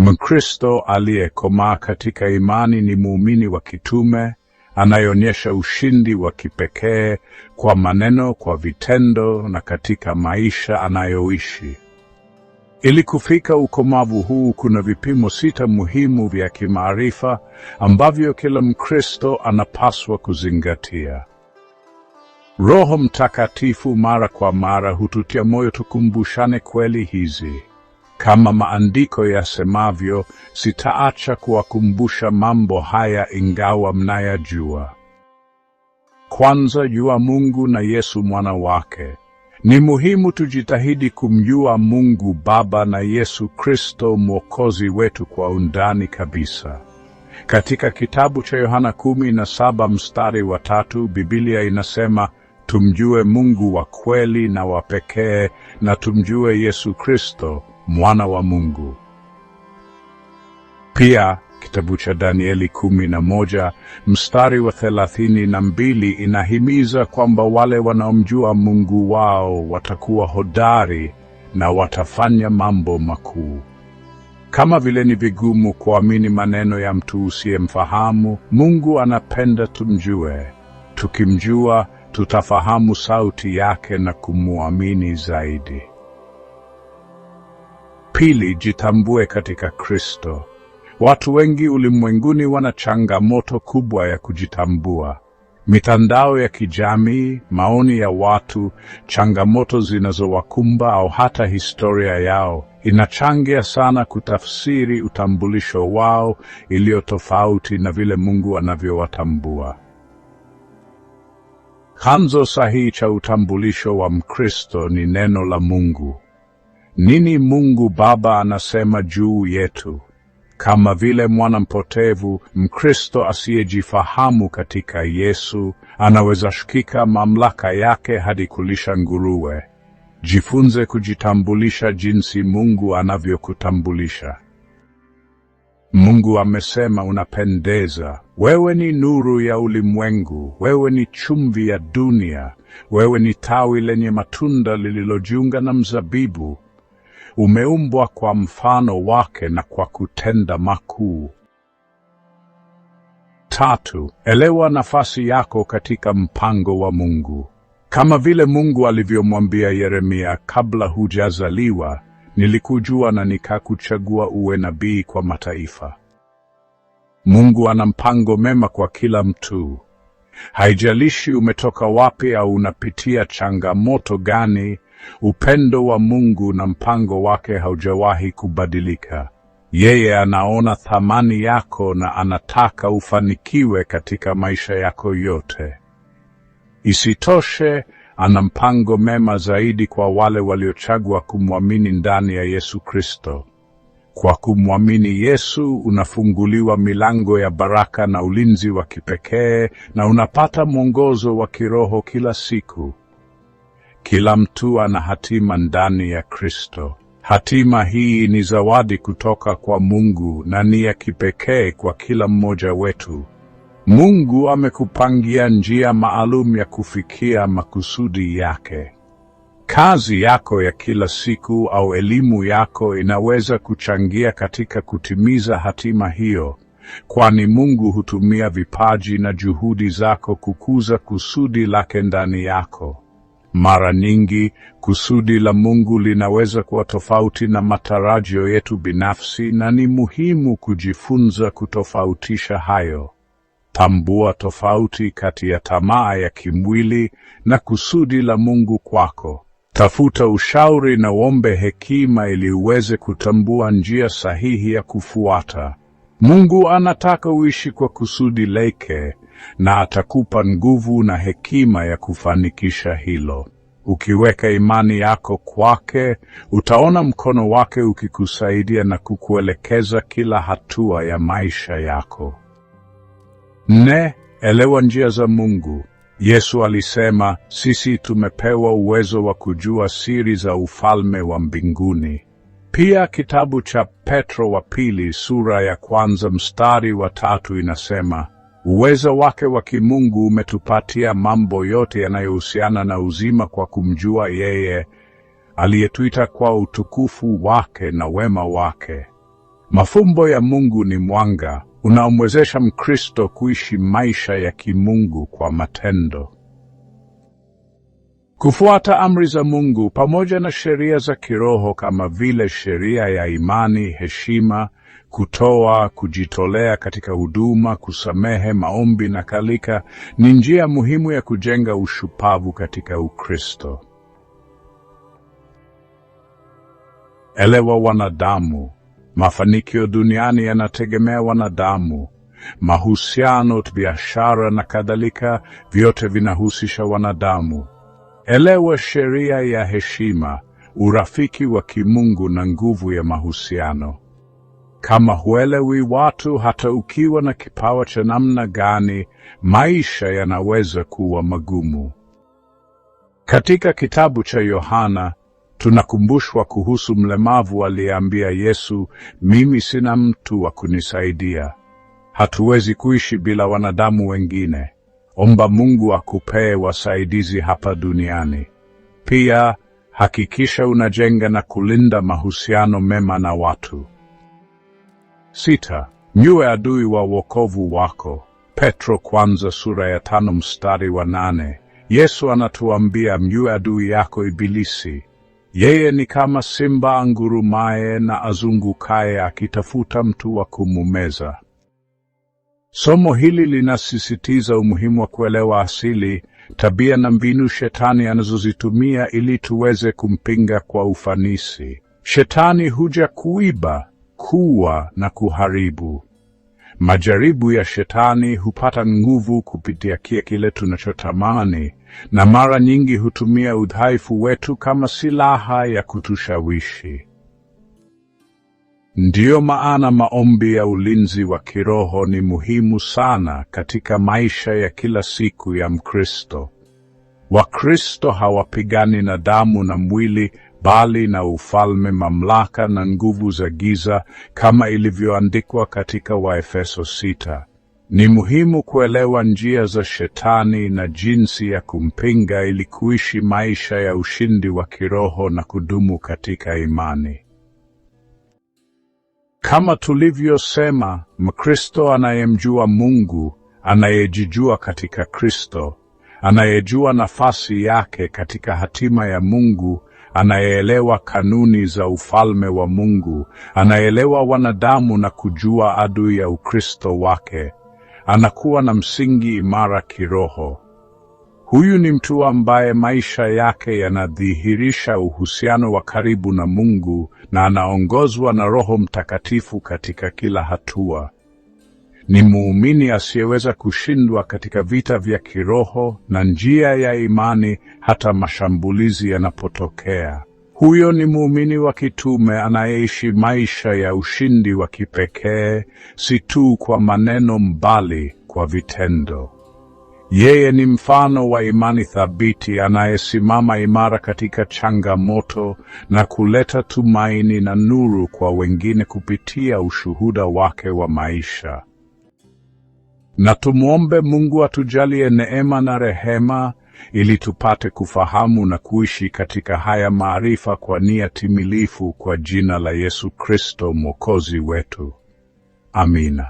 Mkristo aliyekomaa katika imani ni muumini wa kitume anayeonyesha ushindi wa kipekee kwa maneno, kwa vitendo na katika maisha anayoishi. Ili kufika ukomavu huu, kuna vipimo sita muhimu vya kimaarifa ambavyo kila Mkristo anapaswa kuzingatia. Roho Mtakatifu mara kwa mara hututia moyo tukumbushane kweli hizi. Kama maandiko yasemavyo, sitaacha kuwakumbusha mambo haya ingawa mnayajua. Kwanza, jua Mungu na Yesu mwana wake. Ni muhimu tujitahidi kumjua Mungu Baba na Yesu Kristo Mwokozi wetu kwa undani kabisa. Katika kitabu cha Yohana kumi na saba mstari wa tatu Biblia inasema tumjue Mungu wa kweli na wa pekee na tumjue Yesu Kristo mwana wa Mungu. Pia kitabu cha Danieli kumi na moja mstari wa thelathini na mbili inahimiza kwamba wale wanaomjua Mungu wao watakuwa hodari na watafanya mambo makuu. Kama vile ni vigumu kuamini maneno ya mtu usiyemfahamu, Mungu anapenda tumjue. Tukimjua tutafahamu sauti yake na kumwamini zaidi. Pili, jitambue katika Kristo. Watu wengi ulimwenguni wana changamoto kubwa ya kujitambua. Mitandao ya kijamii, maoni ya watu, changamoto zinazowakumba au hata historia yao inachangia sana kutafsiri utambulisho wao iliyo tofauti na vile Mungu anavyowatambua. Chanzo sahihi cha utambulisho wa Mkristo ni neno la Mungu. Nini Mungu Baba anasema juu yetu kama vile mwana mpotevu Mkristo asiyejifahamu katika Yesu anaweza shikika mamlaka yake hadi kulisha nguruwe. Jifunze kujitambulisha jinsi Mungu anavyokutambulisha. Mungu amesema unapendeza. Wewe ni nuru ya ulimwengu, wewe ni chumvi ya dunia, wewe ni tawi lenye matunda lililojiunga na mzabibu umeumbwa kwa mfano wake na kwa kutenda makuu. Tatu, elewa nafasi yako katika mpango wa Mungu. Kama vile Mungu alivyomwambia Yeremia, kabla hujazaliwa nilikujua na nikakuchagua uwe nabii kwa mataifa. Mungu ana mpango mema kwa kila mtu. Haijalishi umetoka wapi au unapitia changamoto gani, Upendo wa Mungu na mpango wake haujawahi kubadilika. Yeye anaona thamani yako na anataka ufanikiwe katika maisha yako yote. Isitoshe, ana mpango mema zaidi kwa wale waliochagua kumwamini ndani ya Yesu Kristo. Kwa kumwamini Yesu unafunguliwa milango ya baraka na ulinzi wa kipekee na unapata mwongozo wa kiroho kila siku. Kila mtu ana hatima ndani ya Kristo. Hatima hii ni zawadi kutoka kwa Mungu na ni ya kipekee kwa kila mmoja wetu. Mungu amekupangia njia maalum ya kufikia makusudi yake. Kazi yako ya kila siku au elimu yako inaweza kuchangia katika kutimiza hatima hiyo, kwani Mungu hutumia vipaji na juhudi zako kukuza kusudi lake ndani yako. Mara nyingi kusudi la Mungu linaweza kuwa tofauti na matarajio yetu binafsi, na ni muhimu kujifunza kutofautisha hayo. Tambua tofauti kati ya tamaa ya kimwili na kusudi la Mungu kwako. Tafuta ushauri na uombe hekima ili uweze kutambua njia sahihi ya kufuata. Mungu anataka uishi kwa kusudi lake na atakupa nguvu na hekima ya kufanikisha hilo. Ukiweka imani yako kwake, utaona mkono wake ukikusaidia na kukuelekeza kila hatua ya maisha yako. Ne, elewa njia za Mungu. Yesu alisema, sisi tumepewa uwezo wa kujua siri za ufalme wa mbinguni. Pia kitabu cha Petro wa pili sura ya kwanza mstari wa tatu inasema uwezo wake wa kimungu umetupatia mambo yote yanayohusiana na uzima kwa kumjua yeye aliyetuita kwa utukufu wake na wema wake. Mafumbo ya Mungu ni mwanga unaomwezesha Mkristo kuishi maisha ya kimungu kwa matendo. Kufuata amri za Mungu pamoja na sheria za kiroho kama vile sheria ya imani, heshima, kutoa, kujitolea katika huduma, kusamehe, maombi na kalika ni njia muhimu ya kujenga ushupavu katika Ukristo. Elewa wanadamu. Mafanikio duniani yanategemea wanadamu. Mahusiano, biashara na kadhalika, vyote vinahusisha wanadamu. Elewa sheria ya heshima, urafiki wa kimungu na nguvu ya mahusiano. Kama huelewi watu, hata ukiwa na kipawa cha namna gani, maisha yanaweza kuwa magumu. Katika kitabu cha Yohana tunakumbushwa kuhusu mlemavu aliyeambia Yesu, mimi sina mtu wa kunisaidia. Hatuwezi kuishi bila wanadamu wengine. Omba Mungu akupee wasaidizi hapa duniani. Pia hakikisha unajenga na kulinda mahusiano mema na watu. Sita, mjue adui wa wokovu wako. Petro kwanza sura ya tano mstari wa nane. Yesu anatuambia mjue adui yako Ibilisi. Yeye ni kama simba angurumaye na azungukaye akitafuta mtu wa kumumeza. Somo hili linasisitiza umuhimu wa kuelewa asili, tabia na mbinu shetani anazozitumia ili tuweze kumpinga kwa ufanisi. Shetani huja kuiba, kuua na kuharibu. Majaribu ya shetani hupata nguvu kupitia kile kile tunachotamani, na mara nyingi hutumia udhaifu wetu kama silaha ya kutushawishi. Ndiyo maana maombi ya ulinzi wa kiroho ni muhimu sana katika maisha ya kila siku ya Mkristo. Wakristo hawapigani na damu na mwili, bali na ufalme, mamlaka na nguvu za giza, kama ilivyoandikwa katika Waefeso sita. Ni muhimu kuelewa njia za Shetani na jinsi ya kumpinga ili kuishi maisha ya ushindi wa kiroho na kudumu katika imani. Kama tulivyosema, Mkristo anayemjua Mungu, anayejijua katika Kristo, anayejua nafasi yake katika hatima ya Mungu, anayeelewa kanuni za ufalme wa Mungu, anaelewa wanadamu na kujua adui ya Ukristo wake, anakuwa na msingi imara kiroho. Huyu ni mtu ambaye maisha yake yanadhihirisha uhusiano wa karibu na Mungu na anaongozwa na Roho Mtakatifu katika kila hatua. Ni muumini asiyeweza kushindwa katika vita vya kiroho na njia ya imani, hata mashambulizi yanapotokea. Huyo ni muumini wa kitume anayeishi maisha ya ushindi wa kipekee, si tu kwa maneno, mbali kwa vitendo. Yeye ni mfano wa imani thabiti anayesimama imara katika changamoto na kuleta tumaini na nuru kwa wengine kupitia ushuhuda wake wa maisha. Na tumwombe Mungu atujalie neema na rehema ili tupate kufahamu na kuishi katika haya maarifa kwa nia timilifu kwa jina la Yesu Kristo Mwokozi wetu. Amina.